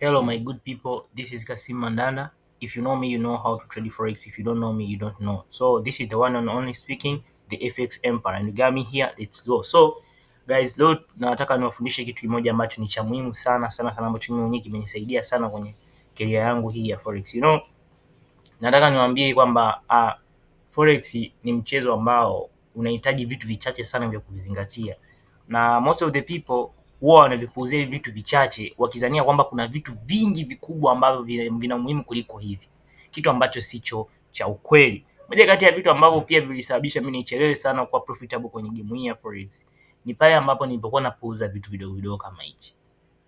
Hello, my good people. This is Kasim Mandanda. If you know me, you know how to trade forex. If you don't know me, you don't know. So this is the one and only speaking, the FX Empire, and you got me here. Let's go. So guys, leo nataka niwafundishe kitu kimoja ambacho ni cha muhimu sana sana sana, ambacho mimi mwenyewe kimenisaidia sana kwenye career yangu hii ya forex. You know, nataka niwaambie kwamba uh, forex ni mchezo ambao unahitaji vitu vichache sana vya kuzingatia. na most of the people huwa wanavipuuzia hivi vitu vichache wakizania kwamba kuna vitu vingi vikubwa ambavyo vina umuhimu kuliko hivi, kitu ambacho sicho cha ukweli. Moja kati ya vitu ambavyo pia vilisababisha mimi nichelewe sana kuwa profitable kwenye game hii ya forex ni pale ambapo nilipokuwa napuuza vitu vidogo vidogo kama hichi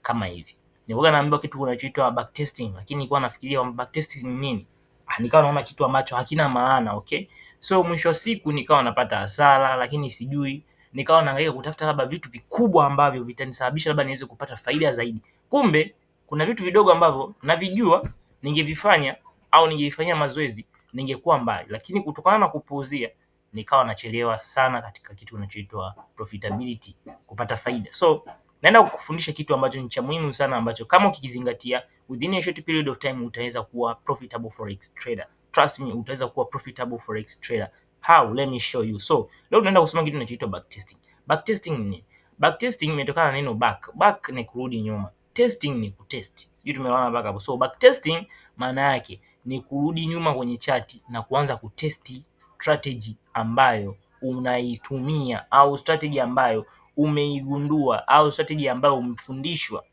kama hivi. Nilikuwa naambiwa kitu kinachoitwa backtesting, lakini nilikuwa nafikiria kwamba backtesting ni nini? Ah, nikawa naona kitu ambacho hakina maana, okay? So mwisho wa siku nikawa napata hasara, lakini sijui nikawa naangalia kutafuta labda vitu vikubwa ambavyo vitanisababisha labda niweze kupata faida zaidi. Kumbe kuna vitu vidogo ambavyo navijua ningevifanya au ningevifanyia mazoezi ningekuwa mbali, lakini kutokana na kupuuzia nikawa nachelewa sana katika kitu kinachoitwa profitability, kupata faida. So naenda kukufundisha kitu ambacho ni cha muhimu sana ambacho kama ukikizingatia within a short period of time utaweza kuwa profitable forex trader. Trust me utaweza kuwa profitable forex trader how let me show you. So leo tunaenda kusoma kitu kinachoitwa backtesting. Backtesting ni backtesting imetokana na neno back. Back ni kurudi nyuma, testing ni kutest. Hiyo tumeona back hapo. So backtesting maana yake ni kurudi nyuma kwenye chati na kuanza kutesti strategy ambayo unaitumia au strategy ambayo umeigundua au strategy ambayo umefundishwa.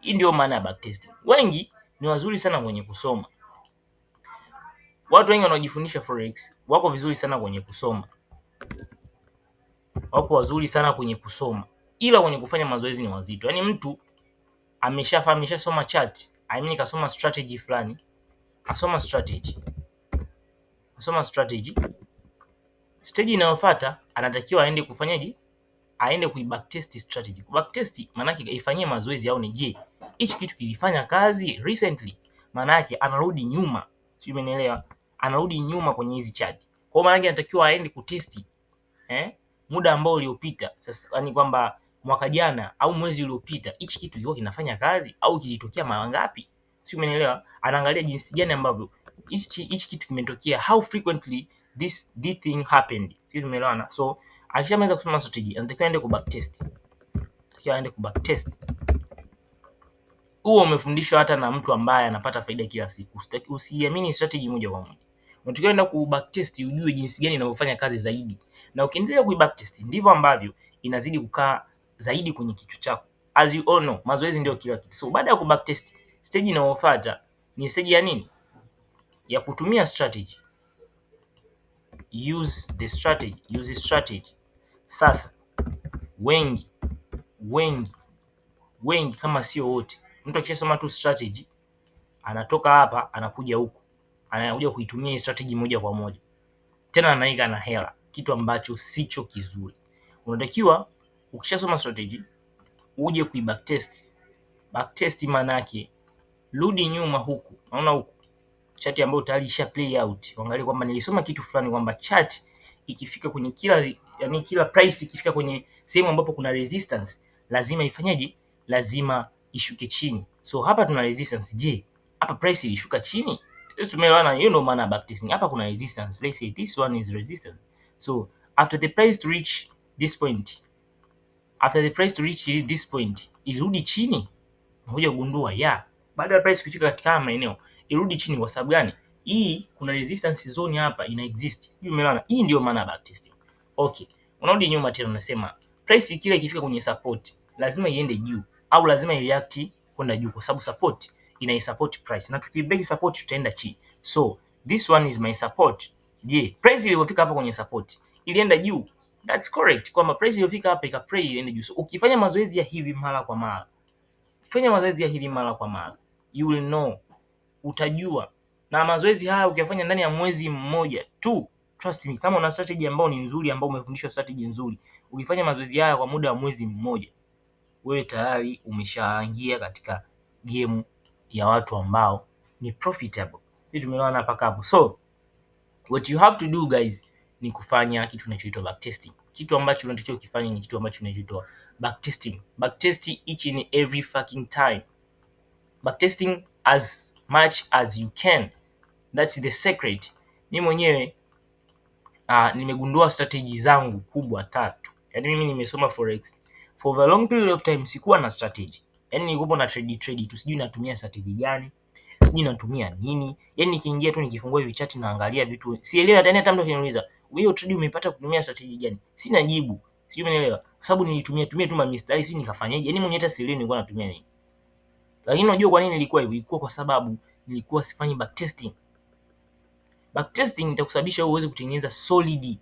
Hii ndio maana ya backtesting. Wengi ni wazuri sana kwenye kusoma Watu wengi wanaojifundisha forex wako vizuri sana kwenye kusoma, wako wazuri sana kwenye kusoma, ila kwenye kufanya mazoezi ni wazito. Yaani mtu ameshafahamu, ameshasoma chart, I mean kasoma strategy fulani, asoma strategy, asoma strategy, stage inayofuata anatakiwa aende kufanyaje? Aende kuibacktest strategy. Backtest maana yake ifanyie mazoezi, au ni je, hichi kitu kilifanya kazi recently? Maana yake anarudi nyuma, sijui anarudi nyuma kwenye hizi chati. Kwa maana yake anatakiwa aende kutesti eh, muda ambao uliopita sasa, yani kwamba mwaka jana au mwezi uliopita hichi kitu kilikuwa kinafanya kazi au kilitokea mara ngapi, si umeelewa? Anaangalia jinsi gani ambavyo hichi kitu kimetokea, how frequently this, this thing happened, si umeelewana? So akishaanza kusoma strategy anatakiwa aende ku backtest, anatakiwa aende ku backtest. Huo umefundishwa hata na mtu ambaye anapata faida kila siku. Usiamini strategy moja kwa moja unatakiwa enda kubacktest ujue jinsi gani inavyofanya kazi zaidi, na ukiendelea kuibacktest ndivyo ambavyo inazidi kukaa zaidi kwenye kichwa chako. As you all know, mazoezi ndio kila kitu. So baada ya kubacktest, stage inayofuata ni stage ya nini? Ya kutumia strategy. Use the strategy, use the strategy. Sasa wengi wengi wengi kama sio wote, mtu akishasoma tu strategy anatoka hapa anakuja huko anakuja kuitumia hii strategy moja kwa moja, tena anaiga na hela, kitu ambacho sicho kizuri. Unatakiwa ukishasoma strategy uje kui backtest. Backtest maana yake rudi nyuma huku, naona huku chati ambayo tayari isha play out, angalia kwamba nilisoma kitu fulani kwamba chati ikifika kwenye kila yani, kila price ikifika kwenye sehemu ambapo kuna resistance lazima ifanyaje? Lazima ishuke chini. So hapa tuna resistance. Je, hapa price ilishuka chini? Just remember now, you know man about this thing. Hapa kuna resistance. Let's say this one is resistance. So, after the price to reach this point, after the price to reach this point, irudi chini. Unakuja kugundua ya baada ya price kuchika katika maeneo irudi chini kwa sababu gani? Hii kuna resistance zone hapa ina exist. Sijui umeelewana? Hii ndio maana ya backtesting. Okay. Unarudi nyuma tena unasema price kile ikifika kwenye support lazima iende juu au lazima i react kwenda juu kwa sababu support ina support price na tukibreak support tutaenda chini. So this one is my support. Je, price iliyofika hapa kwenye support ilienda juu? That's correct. Kwamba price iliyofika hapa ika pray iende juu. So ukifanya mazoezi ya hivi mara kwa mara, fanya mazoezi ya hivi mara kwa mara, you will know, utajua. Na mazoezi haya ukifanya ndani ya mwezi mmoja tu, trust me, kama una strategy ambayo ni nzuri, ambayo umefundishwa strategy nzuri, ukifanya mazoezi haya kwa muda wa mwezi mmoja, wewe tayari umeshaingia katika game ya watu ambao ni profitable. Hii tumeona hapa hapo. So what you have to do guys ni kufanya kitu kinachoitwa backtesting. Kitu ambacho unatakiwa kufanya ni kitu ambacho kinachoitwa backtesting. Backtest each and every fucking time. Backtesting as much as you can. That's the secret. Mimi mwenyewe uh, nimegundua strategy zangu kubwa tatu. Yaani mimi nimesoma forex for a long period of time, sikuwa na strategy yani nilikuwa na trade trade tu, sijui natumia strategy gani, sijui natumia nini. Yani nikiingia tu nikifungua hivi chat naangalia vitu sielewi, hata yaani hata mtu akiniuliza hiyo trade umeipata kutumia strategy gani, sina jibu, sijui umeelewa, kwa sababu nilitumia tumia tu mamistari, sijui nikafanyaje, yani mwenyewe hata sielewi nilikuwa natumia nini. Lakini unajua kwa nini ilikuwa hivyo? Ilikuwa kwa sababu nilikuwa sifanyi backtesting. Backtesting itakusababisha uweze kutengeneza solid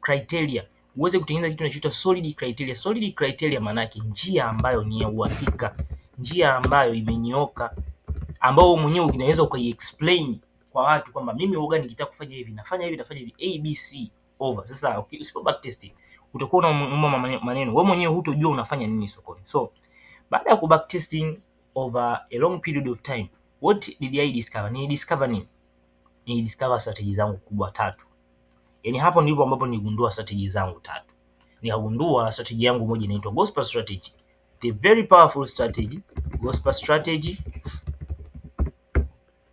criteria uweze kutengeneza kitu kinachoitwa solid criteria. Solid criteria maana yake njia ambayo ni ya uhakika, njia ambayo imenyooka, ambao mwenyewe unaweza ukaiexplain kwa watu kwamba mimi uoga nikitaka kufanya hivi nafanya hivi nafanya hivi abc over. Sasa okay, usipo back testing utakuwa unaomba maneno wewe mwenyewe hutojua unafanya nini sokoni. So baada ya ku testing over a long period of time, what did I discover? Ni discover nini? Ni discover strategy zangu kubwa tatu Yaani hapo ndipo ambapo nigundua strategy zangu tatu. Nikagundua strategy yangu moja inaitwa gospel strategy, the very powerful strategy, gospel strategy.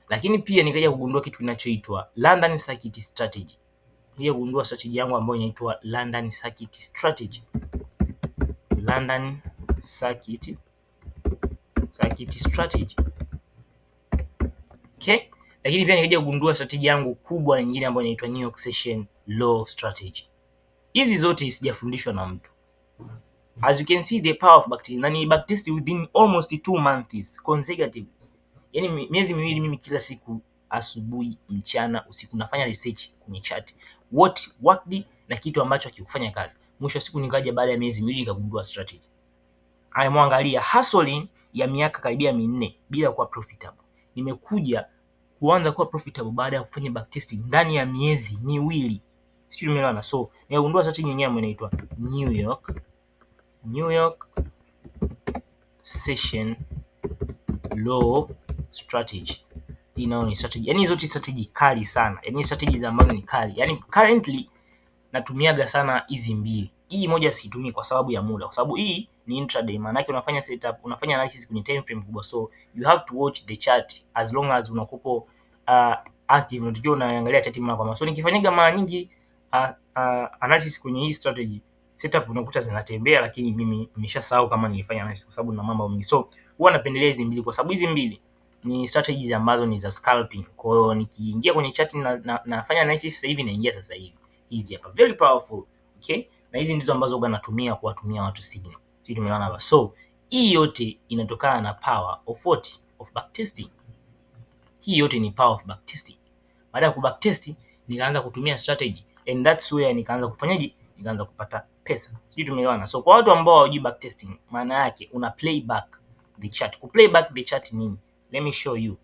Lakini pia nikaja kugundua kitu kinachoitwa London circuit strategy. Nikaja kugundua strategy yangu ambayo inaitwa London circuit strategy, London circuit circuit strategy. Okay? Lakini pia nikaja kugundua strategy yangu kubwa nyingine ambayo inaitwa New York session law strategy. Hizi zote sijafundishwa na mtu. As you can see the power of backtesting. Na ni backtest within almost two months consecutive. Yaani miezi miwili mimi kila siku asubuhi, mchana, usiku nafanya research kwenye chat. What worked na kitu ambacho hakikufanya kazi. Mwisho siku nikaja baada ya miezi miwili nikagundua strategy. Amwangalia hustling ya miaka karibia minne bila kuwa profitable. Nimekuja kuanza kuwa profitable baada ya kufanya backtesting ndani ya miezi miwili sijui umeelewana. So nikagundua search nyingine ambayo inaitwa New York New York session law strategy. Hii nayo ni strategy, yani hizo strategy kali sana, yani strategy za ambazo ni kali. Yani currently natumiaga sana hizi mbili. Hii moja situmii kwa sababu ya muda, kwa sababu hii ni intraday, maana yake unafanya setup, unafanya analysis kwenye time frame kubwa, so you have to watch the chart as long as unakupo uh, active, unatakiwa unaangalia chart mara kwa mara. So nikifanyaga mara nyingi analysis kwenye hii strategy setup unakuta zinatembea, lakini mimi nimeshasahau kama nilifanya analysis kwa sababu na mambo mengi, so huwa napendelea hizi mbili kwa sababu hizi mbili ni strategies ambazo ni za scalping. Kwa hiyo nikiingia kwenye chart na, na, nafanya analysis sasa hivi naingia sasa hivi, hizi hapa very powerful okay, na hizi ndizo ambazo huwa natumia kuwatumia watu signal, sio tumeona hapa. So hii yote inatokana na power of what of backtesting. Hii yote ni power of backtesting. Baada ya kubacktest nikaanza kutumia strategy and that's where nikaanza kufanyaje, nikaanza kupata pesa. Sijui tumeelewana. So kwa watu ambao hawajui testing, maana yake una playback the chart. Ku playback the chart nini? Let me show you.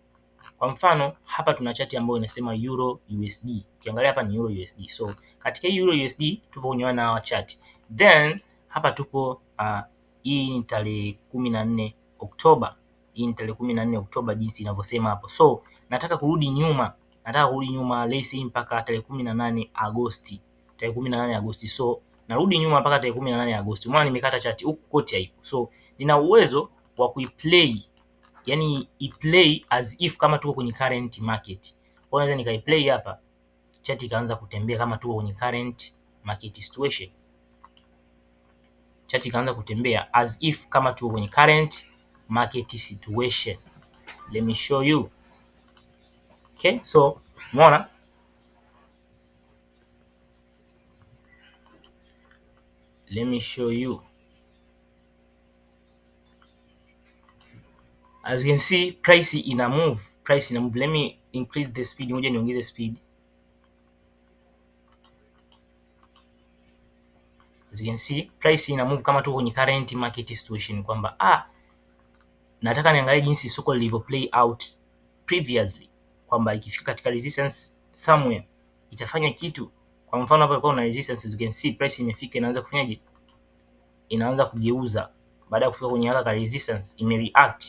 Kwa mfano hapa tuna chati ambayo inasema euro USD. Ukiangalia hapa ni euro USD. So katika hii euro USD tupo kwenye wana hawa chart. Then hapa tupo uh, hii ni tarehe 14 Oktoba. Hii ni tarehe 14 Oktoba jinsi inavyosema hapo. So nataka kurudi nyuma nataka kurudi nyuma lesi mpaka tarehe kumi na nane Agosti, tarehe kumi na nane Agosti. So narudi nyuma mpaka tarehe kumi na nane Agosti. Umeona nimekata chati huku koti haipo, so nina uwezo wa kuiplay, yani iplay as if kama tuko kwenye current market. Kwa hiyo naweza nikaiplay hapa, chati ikaanza kutembea kama tuko kwenye current market situation, chati ikaanza kutembea as if kama tuko kwenye current market situation. Let me show you. Okay, so umeona let me show you as you can see price ina move price ina move let me increase the speed ngoja niongeze speed as you can see price ina move kama tu kwenye current market situation kwamba ah, nataka niangalie jinsi soko lilivyo play out previously kwamba ikifika katika resistance somewhere itafanya kitu. Kwa mfano hapa ilikuwa na resistance, you can see price imefika inaanza kufanyaje? Inaanza kugeuza baada ya kufika kwenye haka ka resistance ime react,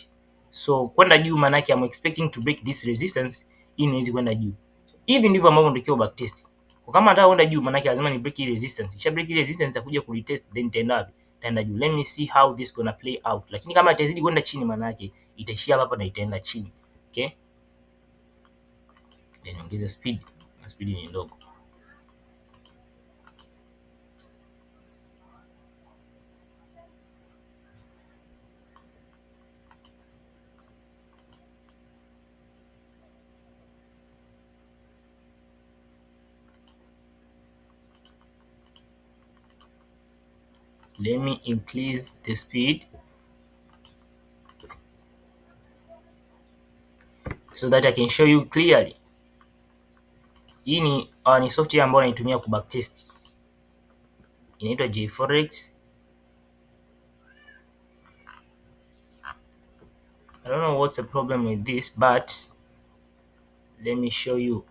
so kwenda juu, maana yake I'm expecting to break this resistance ili niweze kwenda juu. Hivi ndivyo ambavyo natakiwa back test. Kwa kama nataka kwenda juu, maana yake lazima ni break ile resistance, kisha break ile resistance nitakuja ku retest, then nitaenda wapi? Nitaenda juu. Let me see how this gonna play out, lakini kama itazidi kwenda chini, maana yake itaishia hapa na itaenda chini, okay. then niongeze speed na spidi ni ndogo let me increase the speed so that I can show you clearly Hii ni uh, ni software ambayo naitumia ku backtest. Inaitwa JForex. I don't know what's the problem with this but let me show you.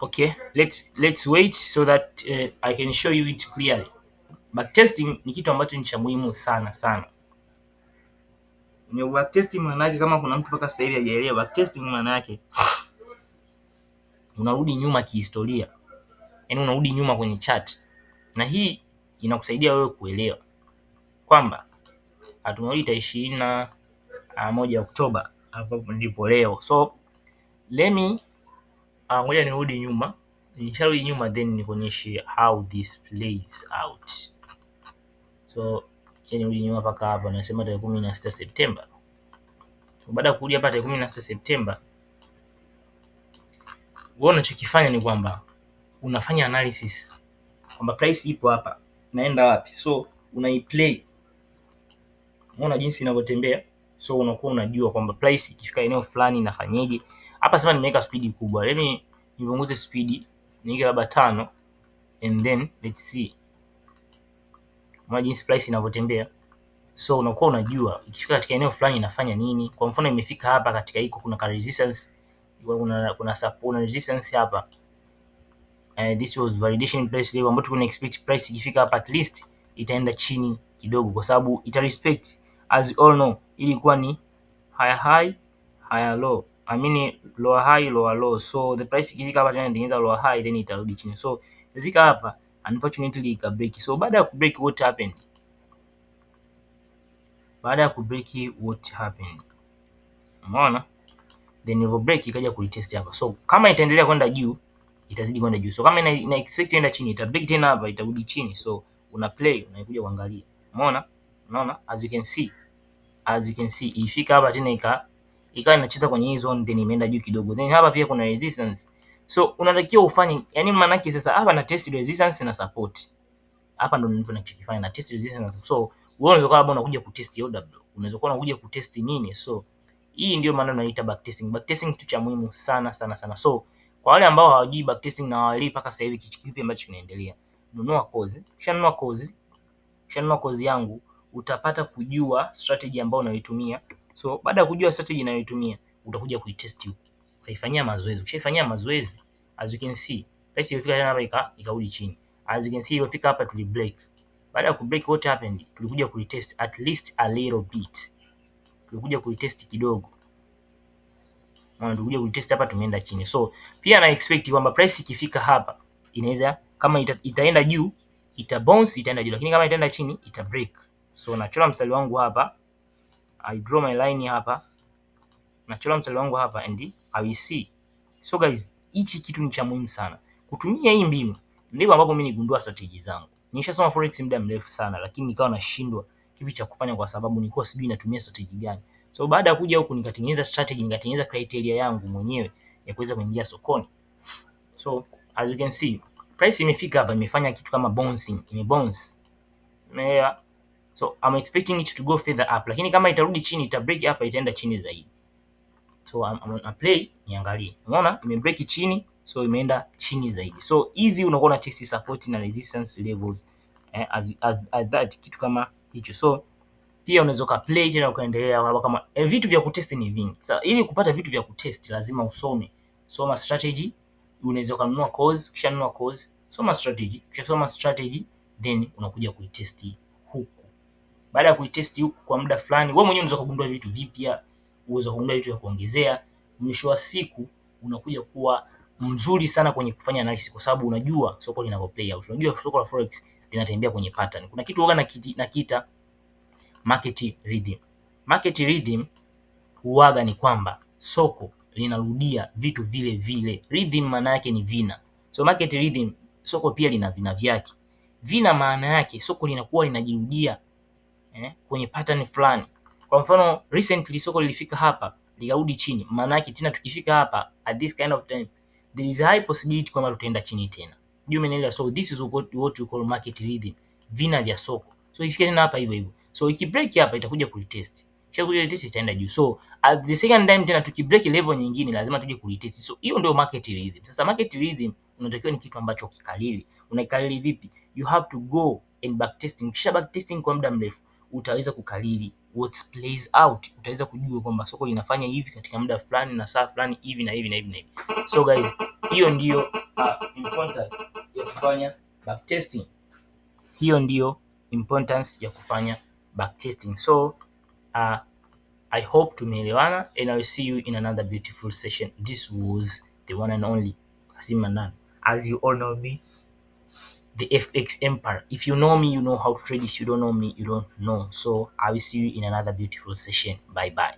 Okay, let's let's wait so that uh, I can show you it clearly. Backtesting ni kitu ambacho ni cha muhimu sana sana. Ni backtesting maana yake kama kuna mtu mpaka sasa hivi hajaelewa, backtesting maana yake unarudi nyuma kihistoria, yaani unarudi nyuma kwenye chat na hii inakusaidia wewe kuelewa kwamba tunarudi tarehe ishirini na ah, moja Oktoba ambapo ndipo leo. So let me ah, ngoja nirudi nyuma, nisharudi nyuma then nikuonyeshe how this plays out so yanirudi nyuma mpaka hapa, nasema tarehe kumi na sita Septemba. Baada ya kurudi hapa tarehe kumi na sita Septemba, wewe unachokifanya ni kwamba unafanya analysis kwamba price ipo hapa, naenda wapi? So unaiplay, unaona jinsi inavyotembea. So unakuwa unajua kwamba price ikifika eneo fulani inafanyaje. Hapa sema nimeweka speed kubwa, let me nipunguze speed niweke labda tano, and then let's see unaona jinsi price inavyotembea so unakuwa unajua ikifika katika eneo fulani inafanya nini. Kwa mfano imefika hapa katika hiko, kuna ka resistance kuna kuna support na resistance hapa uh, this was validation price level ambapo tuna expect price ikifika hapa at least itaenda chini kidogo, kwa sababu ita respect as you all know, ilikuwa ni higher high higher low I mean lower high lower low, so the price ikifika hapa tena itaingiza lower high then itarudi chini, so ikifika hapa unfortunately ikabreak. So baada ya kubreak what happened? Baada ya kubreak what happened? Umeona? Then ilivyo break ikaja kulitest hapa. So kama itaendelea kwenda juu itazidi kwenda juu. So kama ina, ina expect kwenda chini ita break tena hapa itarudi chini. So una play unaikuja kuangalia. Umeona? Unaona? As you can see. As you can see ifika hapa tena ika ikawa inacheza kwenye hii zone then imeenda juu kidogo. Then hapa pia kuna resistance So unatakiwa ufanye yani, maana yake sasa hapa na test resistance na support. Hapa ndo mtu anachokifanya na test resistance. So wewe unaweza kuwa unakuja ku kutest OW, unaweza kuwa unakuja ku test nini. So hii ndio maana tunaita back testing. Back testing kitu cha muhimu sana sana sana. So kwa wale ambao hawajui back testing na hawajui paka sasa hivi kitu kipi ambacho kinaendelea, nunua course. Shanunua course, Shanunua course yangu utapata kujua strategy ambayo unaitumia. So baada ya kujua strategy unayoitumia utakuja kuitest huko ukaifanyia mazoezi. Ukishaifanyia mazoezi as you can see price ilifika tena hapa ika, ikarudi chini. As you can see ilifika hapa tuli break. Baada ya ku break what happened? Tulikuja ku retest at least a little bit. Tulikuja ku retest kidogo. Maana tulikuja ku retest hapa tumeenda chini. So pia na expect kwamba price ikifika hapa inaweza kama ita, itaenda juu ita bounce itaenda juu, lakini kama itaenda chini ita break. So nachora mstari wangu hapa, I draw my line hapa, nachora mstari wangu hapa and hawisi. So guys, hichi kitu ni cha muhimu sana. Kutumia hii mbinu ndivyo ambapo mimi nigundua strategy zangu. Nishasoma forex muda mrefu sana, lakini nikawa nashindwa kipi cha kufanya kwa sababu nilikuwa sijui natumia strategy gani. So baada ya kuja huku nikatengeneza strategy, nikatengeneza criteria yangu mwenyewe ya kuweza kuingia sokoni. So as you can see, price imefika hapa, imefanya kitu kama bouncing, ime bounce. So I'm expecting it to go further up, lakini kama itarudi chini, ita break hapa, itaenda chini zaidi so I'm, I'm play niangalie. Unaona imebreak chini so imeenda chini zaidi. So hizi unakuwa na test support na resistance levels eh, as, as, as that kitu kama hicho. So pia unaweza ka play tena ukaendelea kama eh, vitu vya kutest ni vingi. Sasa ili kupata vitu vya kutest lazima usome. Soma strategy, unaweza kununua course, kisha nunua course, soma strategy, kisha soma strategy then unakuja kuitesti huku. Baada ya kuitesti huku kwa muda fulani, wewe mwenyewe unaweza kugundua vitu vipya uwezo wa kununua vitu vya kuongezea, mwisho wa siku unakuja kuwa mzuri sana kwenye kufanya analysis kwa sababu unajua soko linavyo play out, unajua soko la forex linatembea kwenye pattern. Kuna kitu huwa nakiita market rhythm. Market rhythm huaga ni kwamba soko linarudia vitu vile vile. Rhythm maana yake ni vina, so market rhythm, soko pia lina vina vyake. Vina maana yake soko linakuwa linajirudia eh, kwenye pattern fulani. Kwa mfano recently soko lilifika hapa likarudi chini, maana yake tena tukifika hapa at this kind of time there is a high possibility kwamba tutaenda chini tena. Ndio umeelewa? So this is what, what we call market rhythm, vina vya soko. So ikifika tena hapa hivyo hivyo, so ikibreak hapa itakuja kulitest kulitest itaenda juu. So at the second time tena tukibreak level nyingine lazima tuje kulitest. So hiyo ndio market rhythm. Sasa market rhythm unatakiwa ni kitu ambacho kikalili. Unaikalili vipi? You have to go and back testing. Kisha back testing kwa muda mrefu utaweza kukalili what plays out utaweza kujua kwamba soko linafanya hivi katika muda fulani na saa fulani hivi na hivi na hivi na hivi. So guys, hiyo ndio uh, importance ya kufanya back testing. Hiyo ndio importance ya kufanya back testing. So uh, I hope tumeelewana and I will see you in another beautiful session. This was the one and only Kasim Manano. As you all know me the FX Empire. If you know me, you know how to trade. If you don't know me, you don't know. So I will see you in another beautiful session. Bye bye.